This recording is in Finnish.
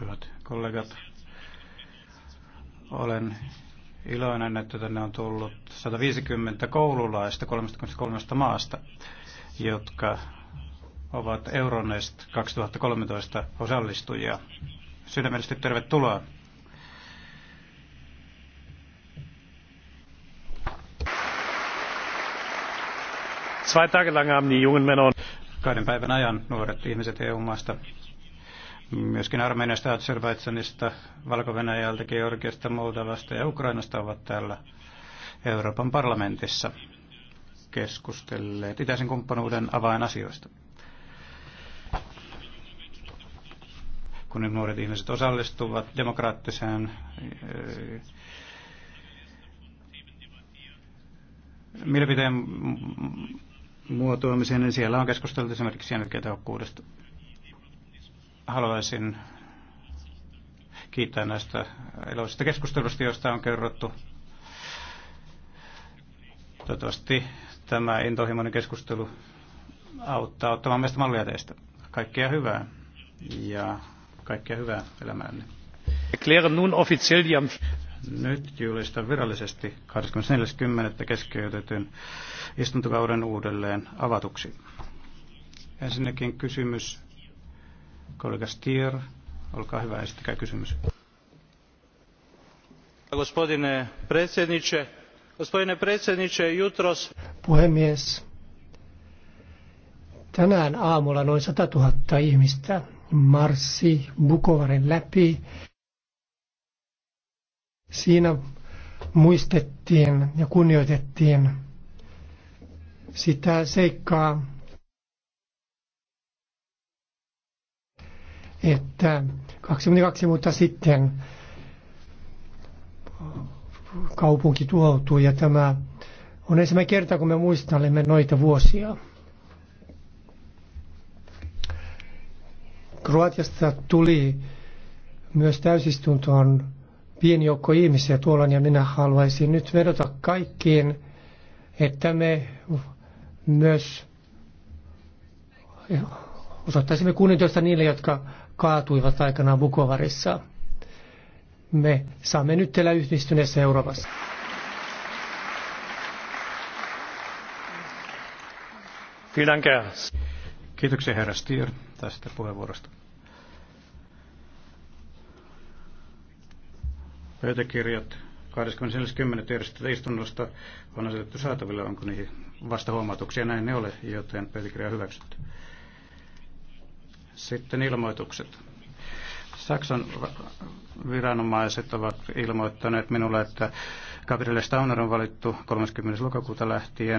hyvät kollegat. Olen iloinen, että tänne on tullut 150 koululaista 33 maasta, jotka ovat Euronest 2013 osallistujia. Sydämellisesti tervetuloa. Zwei Tage lang haben die jungen Männer kahden päivän ajan nuoret ihmiset EU-maasta Myöskin Armeniasta, Azerbaidsanista, Valko-Venäjältä, Georgiasta, Moldavasta ja Ukrainasta ovat täällä Euroopan parlamentissa keskustelleet itäisen kumppanuuden avainasioista. Kun nuoret ihmiset osallistuvat demokraattiseen eh, mielipiteen muotoamiseen, niin siellä on keskusteltu esimerkiksi energiatehokkuudesta haluaisin kiittää näistä iloisista keskustelusta, joista on kerrottu. Toivottavasti tämä intohimoinen keskustelu auttaa ottamaan meistä mallia teistä. Kaikkea hyvää ja kaikkea hyvää elämäänne. Erklären nun offiziell die nyt julistan virallisesti 24.10. keskeytetyn istuntokauden uudelleen avatuksi. Ensinnäkin kysymys Kollega Stier, olkaa hyvä, esittäkää kysymys. Gospodine predsjedniče, gospodine predsjedniče, jutros... Puhemies, tänään aamulla noin 100 000 ihmistä marssi Bukovaren läpi. Siinä muistettiin ja kunnioitettiin sitä seikkaa, että 22 vuotta sitten kaupunki tuoutui ja tämä on ensimmäinen kerta, kun me muistelemme noita vuosia. Kroatiasta tuli myös täysistuntoon pieni joukko ihmisiä tuolla, ja minä haluaisin nyt vedota kaikkiin, että me myös Osoittaisimme kunnioitusta niille, jotka kaatuivat aikanaan Bukovarissa. Me saamme nyt elää yhdistyneessä Euroopassa. Kiitoksia herra Stier tästä puheenvuorosta. Pöytäkirjat 24.10. järjestetystä istunnosta on asetettu saataville. Onko niihin vasta huomautuksia? Näin ne ole, joten pöytäkirja on hyväksytty. Sitten ilmoitukset. Saksan viranomaiset ovat ilmoittaneet minulle, että Gabriele Stauner on valittu 30. lokakuuta lähtien